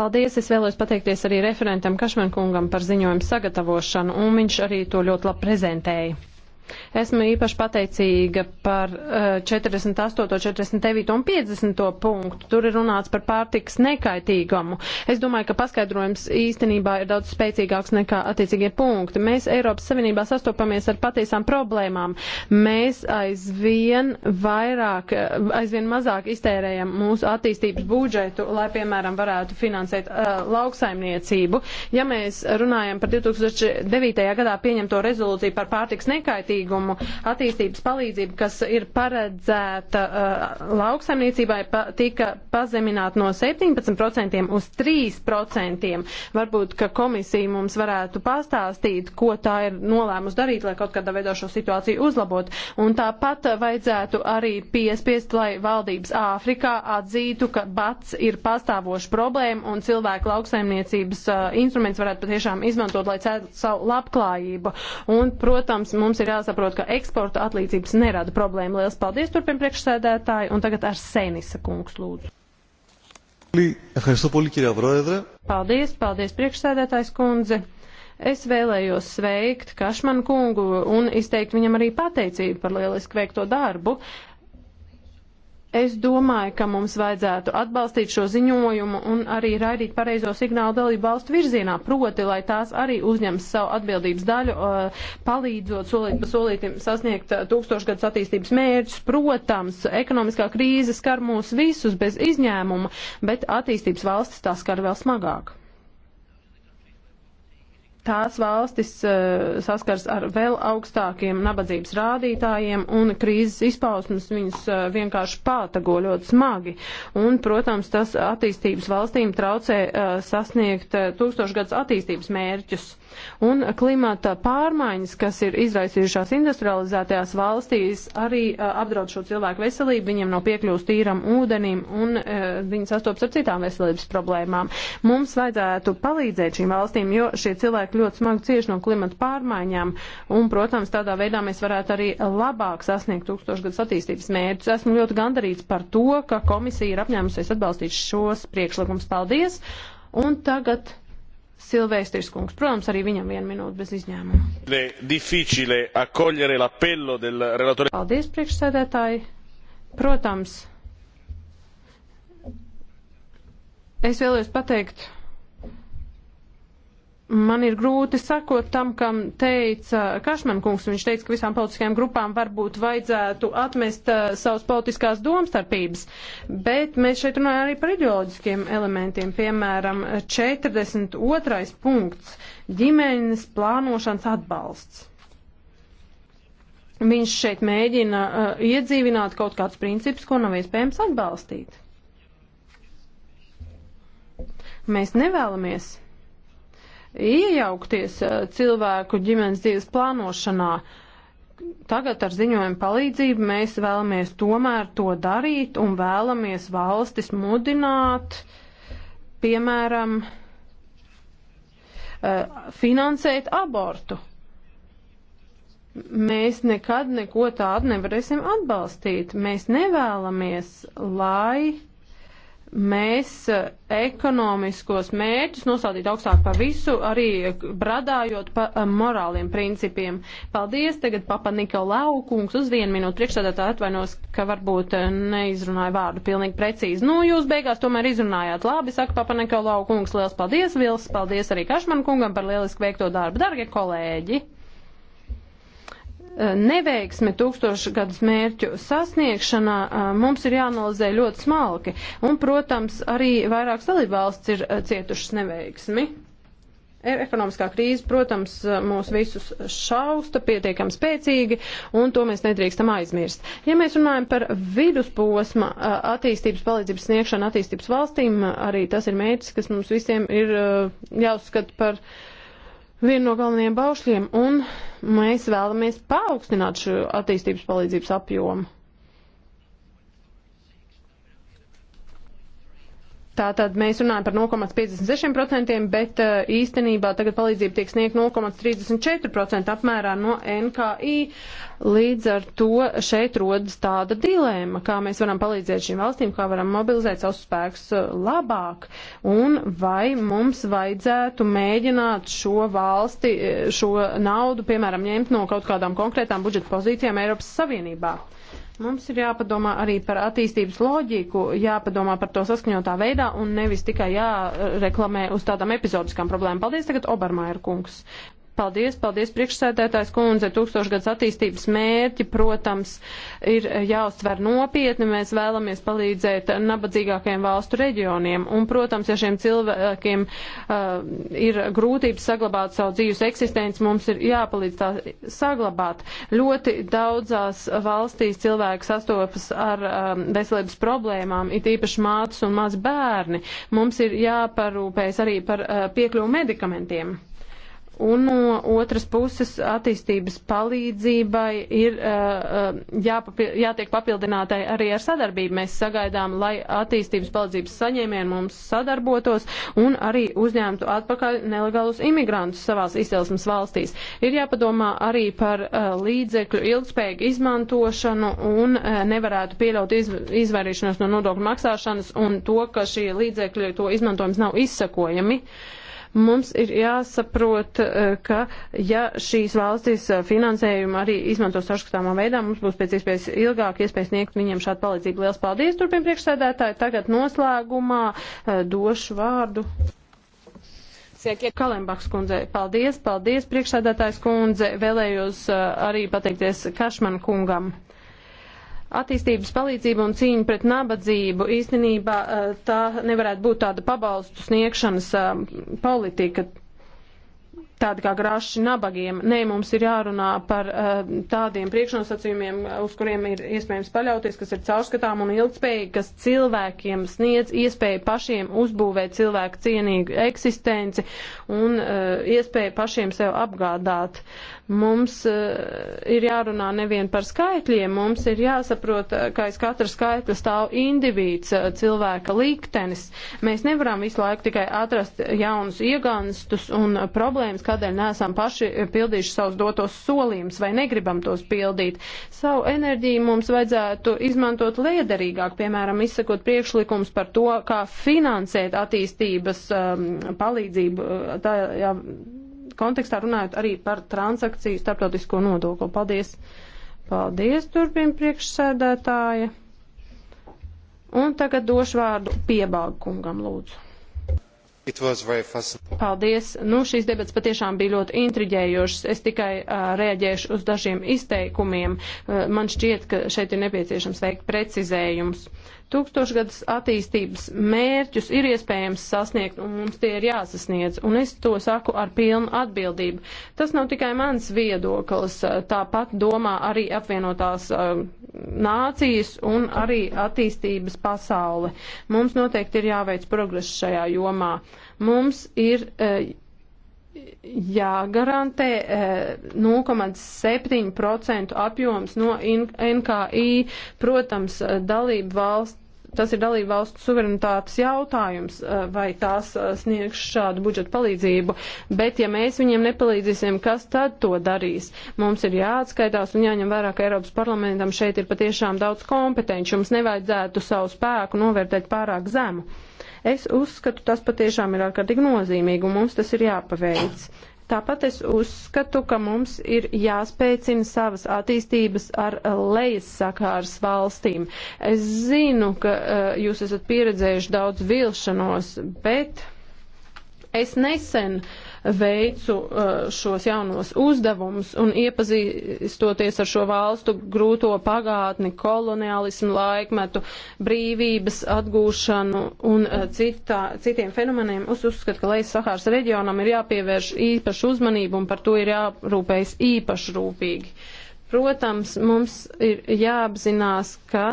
Paldies! Es vēlos pateikties arī referentam Kašman kungam par ziņojumu sagatavošanu, un viņš arī to ļoti labi prezentēja. Esmu īpaši pateicīga par 48, eh, 49 un 50 punktu. Tur ir runāts par pārtikas nekaitīgumu. Es domāju, ka paskaidrojums īstenībā ir daudz spēcīgāks nekā attiecīgie punkti. Mēs Eiropas Savienībā sastopamies ar patiesām problēmām. Mēs aizvien vairāk, eh, aizvien mazāk iztērējam mūsu attīstības budžetu, lai, piemēram, varētu finansēt uh, lauksaimniecību. Ja mēs runājam par 2009. gadā pieņemto rezolūciju par pārtikas nekaitīgumu, elastīgumu. Attīstības palīdzība, kas ir paredzēta uh, lauksaimniecībai, pa, tika pazemināta no 17% uz 3%. Varbūt, ka komisija mums varētu pastāstīt, ko tā ir nolēmusi darīt, lai kaut kādā veidā šo situāciju uzlabot. Un tāpat vajadzētu arī piespiest, lai valdības Āfrikā atzītu, ka bats ir pastāvoša problēma un cilvēku lauksaimniecības uh, instruments varētu patiešām izmantot, lai cētu savu labklājību. Un, protams, mums ir jāzina, jāsaprot, ka eksporta atlīdzības nerada problēmu. Lielas paldies turpin priekšsēdētāji, un tagad ar Sēnisa kungs lūdzu. Paldies, paldies priekšsēdētājs kundze. Es vēlējos sveikt Kašmanu kungu un izteikt viņam arī pateicību par lielisku veikto darbu. Uh, Es domāju, ka mums vajadzētu atbalstīt šo ziņojumu un arī raidīt pareizo signālu dalību valstu virzienā, proti, lai tās arī uzņems savu atbildības daļu, uh, palīdzot solīt pa solītim sasniegt uh, tūkstošgadus attīstības mērķus. Protams, ekonomiskā krīze skar mūs visus bez izņēmuma, bet attīstības valstis tā skar vēl smagāk tās valstis uh, saskars ar vēl augstākiem nabadzības rādītājiem un krīzes izpausmes viņus uh, vienkārši pātago ļoti smagi. Un, protams, tas attīstības valstīm traucē uh, sasniegt uh, tūkstošgads attīstības mērķus. Un klimata pārmaiņas, kas ir izraisījušās industrializētajās valstīs, arī uh, apdraud šo cilvēku veselību, viņiem nav piekļūst tīram ūdenim un uh, viņi sastopas ar citām veselības problēmām. Mums vajadzētu palīdzēt šīm valstīm, jo šie cilvēki cilvēki ļoti smagi cieši no klimata pārmaiņām, un, protams, tādā veidā mēs varētu arī labāk sasniegt tūkstošgadus attīstības mērķus. Esmu ļoti gandarīts par to, ka komisija ir apņēmusies atbalstīt šos priekšlikumus. Paldies! Un tagad Silvestris kungs, protams, arī viņam vienu minūti bez izņēmuma. Paldies, priekšsēdētāji. Protams, es vēlējos pateikt Man ir grūti sakot tam, kam teica Kašmankungs. Viņš teica, ka visām politiskajām grupām varbūt vajadzētu atmest uh, savas politiskās domstarpības, bet mēs šeit runājam arī par ideoloģiskiem elementiem. Piemēram, 42. punkts - ģimenes plānošanas atbalsts. Viņš šeit mēģina uh, iedzīvināt kaut kādus principus, ko nav iespējams atbalstīt. Mēs nevēlamies iejaukties eh, cilvēku ģimenes dzīves plānošanā. Tagad ar ziņojumu palīdzību mēs vēlamies tomēr to darīt un vēlamies valstis mudināt, piemēram, eh, finansēt abortu. Mēs nekad neko tādu nevarēsim atbalstīt. Mēs nevēlamies, lai mēs eh, ekonomiskos mērķus nosādīt augstāk par visu, arī bradājot pa eh, morāliem principiem. Paldies, tagad papa Nikolau kungs uz vienu minūtu priekšsēdētā atvainos, ka varbūt eh, neizrunāju vārdu pilnīgi precīzi. Nu, jūs beigās tomēr izrunājāt labi, saka papa Nikolau kungs, liels paldies, Vils, paldies arī Kašman kungam par lieliski veikto darbu, dargie kolēģi! Eh, neveiksmi tūkstošgadus mērķu sasniegšanā eh, mums ir jāanalizē ļoti smalki. Un, protams, arī vairākas dalībvalsts ir eh, cietušas neveiksmi. E, ekonomiskā krīze, protams, mūs visus šausta pietiekam spēcīgi, un to mēs nedrīkstam aizmirst. Ja mēs runājam par vidusposma attīstības palīdzības sniegšanu attīstības valstīm, arī tas ir mērķis, kas mums visiem ir jāuzskata par uh, viena no galvenajiem baušļiem, un mēs vēlamies paaugstināt šo attīstības palīdzības apjomu. Tātad mēs runājam par 0,56%, bet uh, īstenībā tagad palīdzība tiek sniegt 0,34% apmērā no NKI. Līdz ar to šeit rodas tāda dilēma, kā mēs varam palīdzēt šīm valstīm, kā varam mobilizēt savus spēkus uh, labāk, un vai mums vajadzētu mēģināt šo valsti, uh, šo naudu, piemēram, ņemt no kaut kādām konkrētām budžeta pozīcijām Eiropas Savienībā. Mums ir jāpadomā arī par attīstības loģiku, jāpadomā par to saskaņotā veidā un nevis tikai jāreklamē uz tādām epizodiskām problēmām. Paldies tagad Obermaier kungs. Paldies, paldies priekšsēdētājs kundze. Tūkstošgads attīstības mērķi, protams, ir jāuztver nopietni. Mēs vēlamies palīdzēt nabadzīgākajiem valstu reģioniem. Un, protams, ja šiem cilvēkiem uh, ir grūtības saglabāt savu dzīves eksistenci, mums ir jāpalīdz tā saglabāt. Ļoti daudzās valstīs cilvēki sastopas ar um, veselības problēmām, it īpaši mātes un maz bērni. Mums ir jāparūpējas arī par uh, piekļuvu medikamentiem un no otras puses attīstības palīdzībai ir uh, uh, jāpapi, jātiek papildinātai arī ar sadarbību. Mēs sagaidām, lai attīstības palīdzības saņēmieni mums sadarbotos un arī uzņemtu atpakaļ nelegālus imigrantus savās izcelsmes valstīs. Ir jāpadomā arī par uh, līdzekļu ilgspējīgu izmantošanu un nevarētu pieļaut iz, izvairīšanos no nodokļu maksāšanas un to, ka šie līdzekļi to izmantojums nav izsakojami. Uh, Mums ir jāsaprot, eh, ka ja šīs valstis eh, finansējumu arī izmantos saškatāmā veidā, mums būs pēc iespējas ilgāk iespējas sniegt viņiem šādu palīdzību. Liels paldies, turpin priekšsēdētāji. Tagad noslēgumā eh, došu vārdu. Kalembaks kundze, paldies, paldies, priekšsēdētājs kundze. Vēlējos arī pateikties Kašman kungam attīstības palīdzība un cīņa pret nabadzību īstenībā tā nevarētu būt tāda pabalstu sniegšanas politika, tāda kā grāši nabagiem. Nē, mums ir jārunā par tādiem priekšnosacījumiem, uz kuriem ir iespējams paļauties, kas ir caurskatām un ilgspējīgi, kas cilvēkiem sniedz iespēju pašiem uzbūvēt cilvēku cienīgu eksistenci un iespēju pašiem sev apgādāt. Uh, Mums eh, ir jārunā nevien par skaitļiem, mums ir jāsaprot, eh, ka aiz katra skaitļa stāv individs, eh, cilvēka liktenis. Mēs nevaram visu laiku tikai atrast jaunus iegānstus un problēmas, kādēļ neesam paši pildījuši savus dotos solījumus vai negribam tos pildīt. Savu enerģiju mums vajadzētu izmantot liederīgāk, piemēram, izsakot priekšlikums par to, kā finansēt attīstības um, palīdzību. Tā, jā, kontekstā runājot arī par transakciju starptautisko nodoklu. Paldies! Paldies, turpina priekšsēdētāja. Un tagad došu vārdu piebalgu kungam, lūdzu. Paldies. Nu, šīs debats patiešām bija ļoti intriģējošas. Es tikai uh, reaģēšu uz dažiem izteikumiem. Uh, man šķiet, ka šeit ir nepieciešams veikt precizējums. Tūkstošgadas attīstības mērķus ir iespējams sasniegt, un mums tie ir jāsasniedz. Un es to saku ar pilnu atbildību. Tas nav tikai mans viedoklis. Tāpat domā arī apvienotās uh, nācijas un arī attīstības pasaule. Mums noteikti ir jāveic progress šajā jomā. Uh, Mums ir e, jāgarantē 0,7% e, apjoms no NKI, protams, e, dalību valsts tas ir dalību valstu suverenitātes jautājums, vai tās sniegs šādu budžetu palīdzību, bet ja mēs viņiem nepalīdzēsim, kas tad to darīs? Mums ir jāatskaitās un jāņem vērā, ka Eiropas parlamentam šeit ir patiešām daudz kompetenci, mums nevajadzētu savu spēku novērtēt pārāk zemu. Es uzskatu, tas patiešām ir ārkārtīgi nozīmīgi un mums tas ir jāpaveic. Tāpat es uzskatu, ka mums ir jāspēcina savas attīstības ar lejasakārs valstīm. Es zinu, ka uh, jūs esat pieredzējuši daudz vilšanos, bet es nesen uh, veicu uh, šos jaunos uzdevumus un iepazīstoties ar šo valstu grūto pagātni, koloniālismu laikmetu, brīvības atgūšanu un uh, citā, citiem fenomeniem, es uzskatu, ka Lejas Sahāras reģionam ir jāpievērš īpašu uzmanību un par to ir jārūpējas īpaši rūpīgi. Protams, mums ir jāapzinās, ka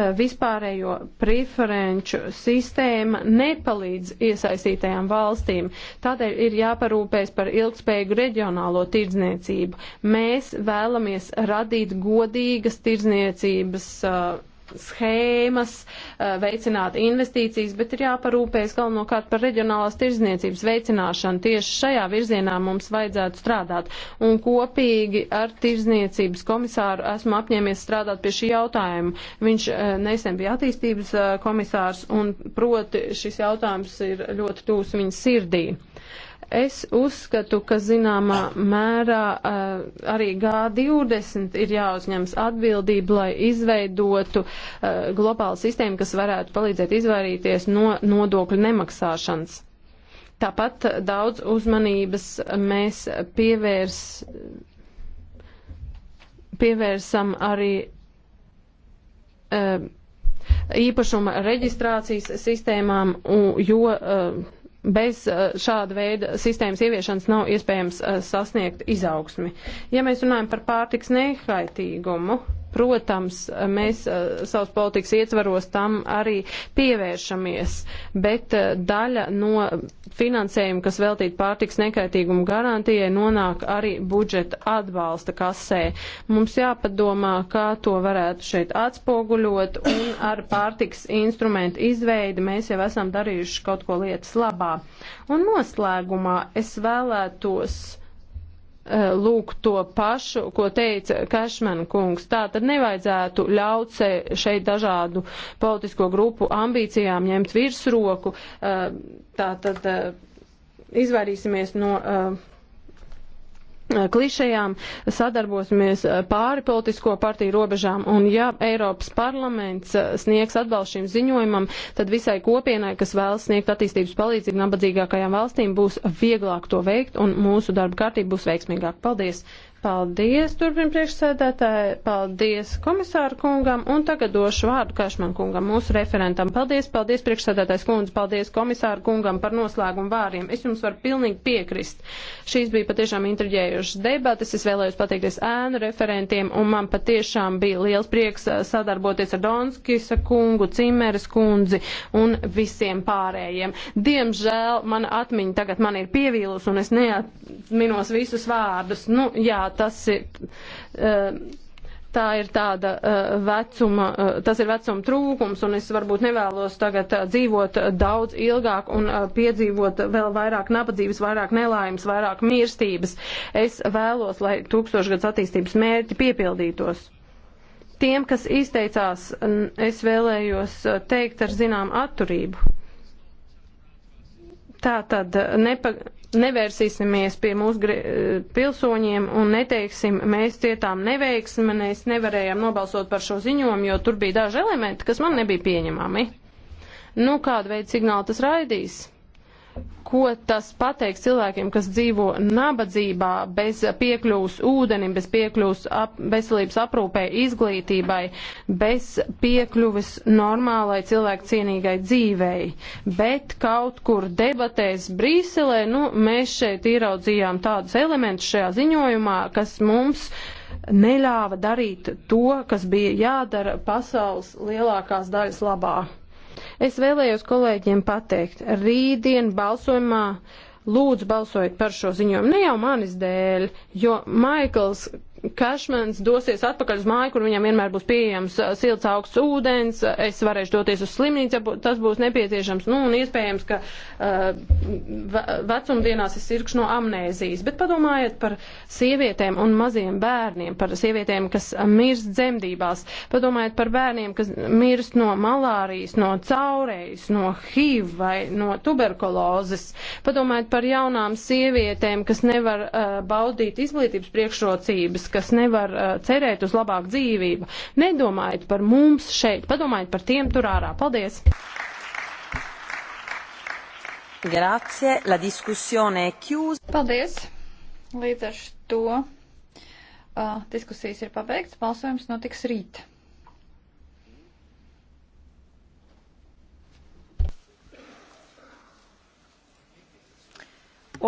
Eh, vispārējo preferenču sistēma nepalīdz iesaistītajām valstīm. Tādēļ ir jāparūpēs par ilgspējīgu reģionālo tirdzniecību. Mēs vēlamies radīt godīgas tirdzniecības uh, schēmas, eh, veicināt investīcijas, bet ir jāparūpējas galvenokārt par reģionālās tirzniecības veicināšanu. Tieši šajā virzienā mums vajadzētu strādāt. Un kopīgi ar tirzniecības komisāru esmu apņēmies strādāt pie šī jautājuma. Viņš eh, nesen bija attīstības eh, komisārs un proti šis jautājums ir ļoti tūs viņas sirdī. Es uzskatu, ka zināmā mērā eh, arī G20 ir jāuzņems atbildība, lai izveidotu eh, globālu sistēmu, kas varētu palīdzēt izvairīties no nodokļu nemaksāšanas. Tāpat daudz uzmanības mēs pievērs, pievērsam arī eh, īpašuma reģistrācijas sistēmām, jo bez eh, šāda veida sistēmas ieviešanas nav iespējams eh, sasniegt izaugsmi. Ja mēs runājam par pārtiks nekaitīgumu, Protams, mēs eh, savas politikas ietvaros tam arī pievēršamies, bet eh, daļa no finansējuma, kas veltīta pārtiks nekaitīgumu garantijai, nonāk arī budžeta atbalsta kasē. Mums jāpadomā, kā to varētu šeit atspoguļot, un ar pārtiks instrumentu izveidi mēs jau esam darījuši kaut ko lietas labā. Un noslēgumā es vēlētos Eh, lūk to pašu, ko teica Kašmena kungs. Tā tad nevajadzētu ļaut šeit dažādu politisko grupu ambīcijām ņemt virsroku. Eh, tā tad eh, izvairīsimies no klišejām sadarbosimies eh, pāri politisko partiju robežām, un ja Eiropas parlaments eh, sniegs atbalstu šim ziņojumam, tad visai kopienai, kas vēlas sniegt attīstības palīdzību nabadzīgākajām valstīm, būs vieglāk to veikt, un mūsu darba kārtība būs veiksmīgāka. Paldies! Paldies, turpin priekšsēdētāji, paldies komisāru kungam, un tagad došu vārdu Kašman kungam, mūsu referentam. Paldies, paldies priekšsēdētājs kundze, paldies komisāru kungam par noslēgumu vārdiem. Es jums varu pilnīgi piekrist. Šīs bija patiešām intriģējušas debates, es vēlējos pateikties ēnu referentiem, un man patiešām bija liels prieks eh, sadarboties ar Donskisa kungu, Cimeres kundzi un visiem pārējiem. Diemžēl mana atmiņa tagad man ir pievīlus, un es neatminos visus vārdus. Nu, jā, tas ir. Eh, tā ir tāda eh, vecuma, eh, tas ir vecuma trūkums, un es varbūt nevēlos tagad dzīvot daudz ilgāk un piedzīvot vēl vairāk nabadzības, vairāk nelaimes, vairāk mirstības. Es vēlos, lai tūkstošgads attīstības mērķi piepildītos tiem, kas izteicās, es vēlējos teikt ar zinām atturību. Tā tad nepa, nevērsīsimies pie mūsu pilsoņiem un neteiksim, mēs cietām neveiksmi, mēs nevarējām nobalsot par šo ziņojumu, jo tur bija daži elementi, kas man nebija pieņemami. Nu, kādu veidu signālu tas raidīs? Ko tas pateiks cilvēkiem, kas dzīvo nabadzībā, bez piekļuvas ūdenim, bez piekļuvas ap, veselības aprūpē, izglītībai, bez piekļuvas normālai cilvēku cienīgai dzīvei? Bet kaut kur debatēs Brīselē, nu, mēs šeit ieraudzījām tādus elementus šajā ziņojumā, kas mums neļāva darīt to, kas bija jādara pasaules lielākās daļas labā. Es vēlējos kolēģiem pateikt, rītdien balsojumā lūdzu balsojiet par šo ziņojumu, ne jau manis dēļ, jo Maikls Kašmans dosies atpakaļ uz māju, kur viņam vienmēr būs pieejams silts augsts ūdens, es varēšu doties uz slimnīcu, ja tas būs nepieciešams, nu, un iespējams, ka uh, vecumdienās es sirkšu no amnēzijas. Bet padomājiet par sievietēm un maziem bērniem, par sievietēm, kas mirst dzemdībās, padomājiet par bērniem, kas mirst no malārijas, no caurējas, no HIV vai no tuberkulozes, padomājiet par jaunām sievietēm, kas nevar uh, baudīt izglītības priekšrocības, kas nevar uh, cerēt uz labāku dzīvību. Nedomājiet par mums šeit, padomājiet par tiem tur ārā. Paldies! Grazie, la diskusione è chiusa. Paldies! Līdz ar to uh, diskusijas ir pabeigts, balsojums notiks rīt.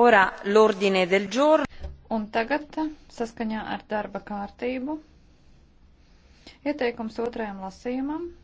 ora l'ordine del giorno Un tagad saskaņā ar darba kārtību ieteikums otrajam lasījumam.